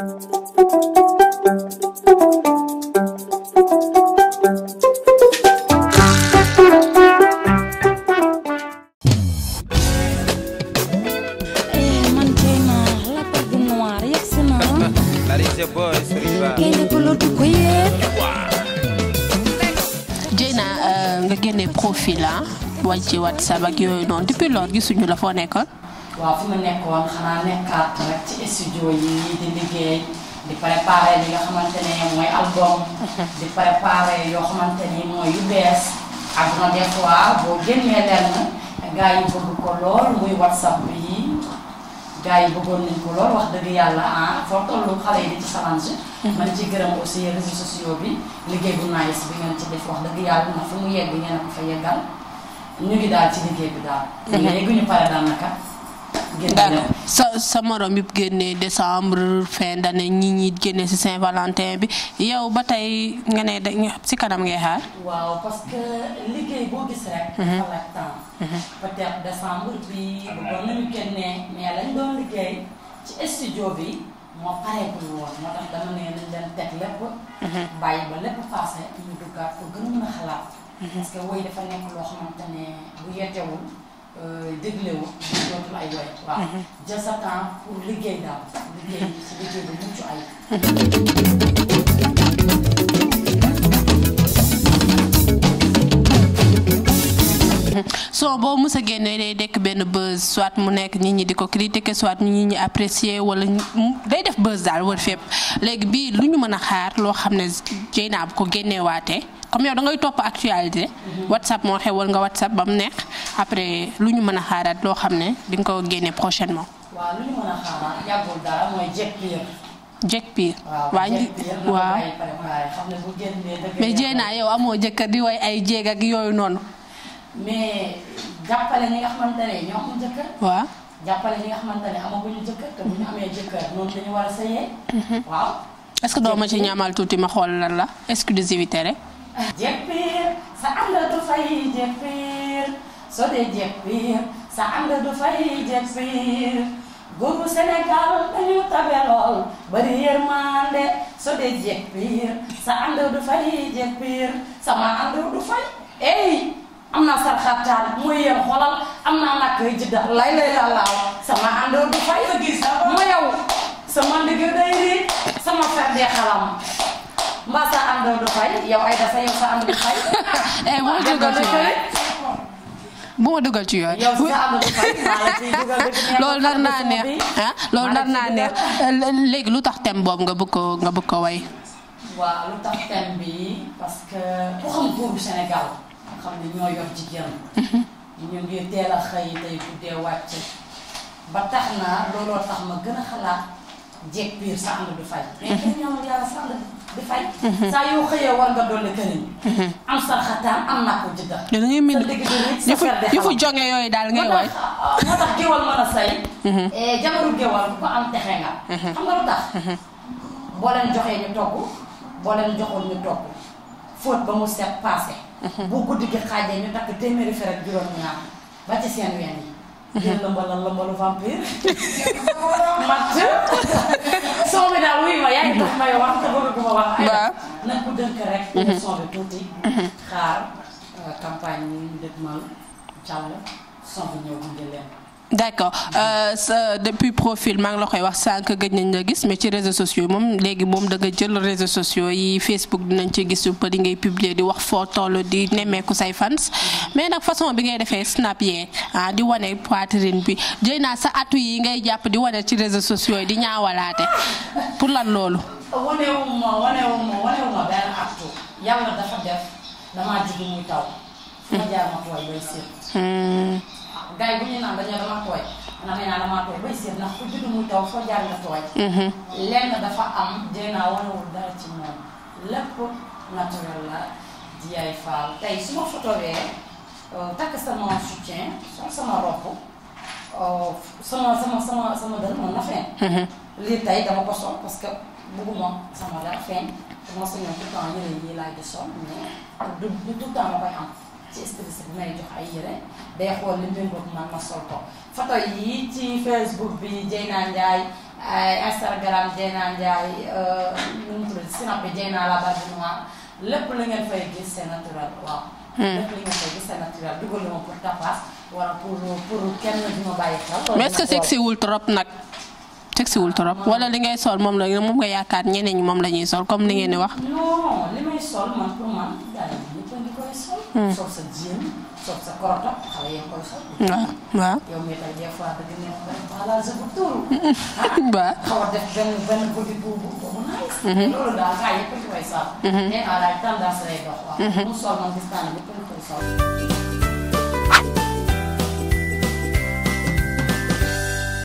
Eh, Dieyna euh, nga génne profil la ah, wàcc ci WhatsApp ak yooyu noonu depuis loolu gisuñu la foo nekkoon waaw fi ma nekkoon xanaa nekkaat rek ci studio yi di liggéey di préparé li nga xamante ne mooy album. di préparé yoo xamante ni mooy yu bees. àdduna des fois boo génnee lenn gars yi bëgg ko lool muy whatsapp yi gars yi bëggoon nañ ko lool wax dëgg yàlla ah foo tollu xale yi di ci challenge. man ci gërëm aussi réseaux bi liggéey bu ngeen ci na fu mu fa yeggal ñu ngi daal ci liggéey bi daal. léegi ñu pare daanaka. sa sa morom yëpp génnee décembre fin d'année ñi ñi génnee ci Saint-Valentin bi yow ba tey nga ne da ci kanam ngay xaar. waaw parce que liggéey boo gis rek. Mhm. dafa laaj temps. Mhm. peut-être décembre bi génnee mais lañ doon liggéey ci studio bi moo pareegul woon moo tax dama ne nañ leen teg lépp. Mhm. bàyyi ba lépp passé ñu duggaat ko gën a xalaat. parce que woy dafa nekk loo xamante bu yettewul euh, déglewul. jox boo mës a génnee day dekk benn buzz soit mu nekk nit ñi di ko critiquer soit nit ñi apprécier wala day def buzz daal wër fépp léegi bii lu ñu mën a xaar loo xam ne Dieyna bu ko génneewaatee. comme yow da ngay topp actualité. whatsapp moo xewal nga whatsapp ba mu nekk après lu ñu mën a xaaraat loo xam ne di nga ko génne prochainement. waaw lu ñu mën a mais jéey naa yow amoo jëkkër di way ay jéeg ak yooyu noonu. mais jàppale ñi nga a mm-hmm. est-ce que doo ci ñamal tuuti ma xool lan la exclusivité rek. jeppir sa ànd du fay jeppir so de jeppir sa ànd du fay jeppir góobu Sénégal dañu tabe lool bari yërmande so de jeppir sa ànd du fay jeppir sama ànd du fay ey am naa sarxataan mooy yéen xolal am naa nakk jidda lay lay la laaw sama ànd du fay ma yow sama ndigg day rii sama fer dee xalam yow ay dasa yow sa bu eh, ma dugal ci yooyu bu yow sa ànd nar naa neex ah loolu naa neex léegi lu tax thème boobu nga bëgg ko nga bëgg ko way. waaw lu tax thème bi parce que ku xam góor Sénégal xam ne ñoo yor jigéen. ñun mhm. ñuy teel a xëy tey guddee wàcc ba tax na looloo tax ma gën a xalaat. jeeg biir sa ànd du fay. Mhm. mais kenn ñaanal yàlla sa ànd du fay. Mhm. saa yoo xëyee war nga dolli këriñ. Mhm. am sarxataan am naa ko jënd. da fu jóge yooyu daal ngay waay. moo tax ah, a say. Eh, jabaru géwal ku ko am texe nga. xam nga boo leen joxee ñu togg boo leen joxul ñu togg fóot ba mu set paase. bu guddi gi xaajee ñu takk téeméeri fer ak juróom ñaar ba ci seen ween yi. yéen lëmbalal lëmbalu vampire. mat son bi daal wuy ma yaa ngi tax may wax te bëgguma wax. waaw nañ ko dënk rek. émission mhm. bi tuuti. xaar euh, campagne yi ñu dëgmal jàll son bi ñëw gunge leen. d' accord euh, sa depuis profil maa ngi la koy wax sànq gëj nañ la gis mais ci réseaux sociaux moom léegi moom danga nga jël réseaux sociaux yi Facebook dinañ ci gis ba di ngay publier di wax foo toll di nemmeeku say fans mais nag façon bi ngay defee snap yee ah di wane poitrine bi jëy naa sa atu yi ngay jàpp di wane ci réseaux sociaux yi di ñaawalaate pour lan loolu. gars yi bu ñu naan dañoo dama tooy man amee naa ku juddu taw foo jaar nga tooy. Mm-hmm. lenn dafa am dinaa wanewul dara ci moom lépp naturel la Dieye Fall tey su ma euh, takk sama soutien sol sama ropp euh, sama sama sama sama dër mën na feeñ. Mm-hmm. lii tey dama ko laa di sol mais du du tout koy am. ci stress bi may jox ay yére day xool li méngoog man ma sol ko photo yi ci Facebook bi Dieyna Ndiaye Instagram Dieyna Ndiaye euh, nu lépp la ngeen fay gis c'est hmm. lépp li ngeen fay gis c'est naturel dugal ma pour tapas wala pour pour kenn du ma bàyyi xel. mais est trop nag. sexiwul trop wala li ngay sol moom la moom nga yaakaar ñeneen ñi moom la ñuy sol comme li ngeen di wax. non li may sol man pour man Hmm. sol sa jéem sol sa korota xale yaa ngi koy sol. waaw waaw. yow mii tey des fois dëgg neex benn balaa je vous tuuru. waaw ah, xaw a def benn benn guddi bu bu bu naaj. loolu daal gaa yëpp a ci koy sol. nee naa daal tendance lay dox. waaw. Hmm. mu sol moom gis naa ne ñëpp a koy sol.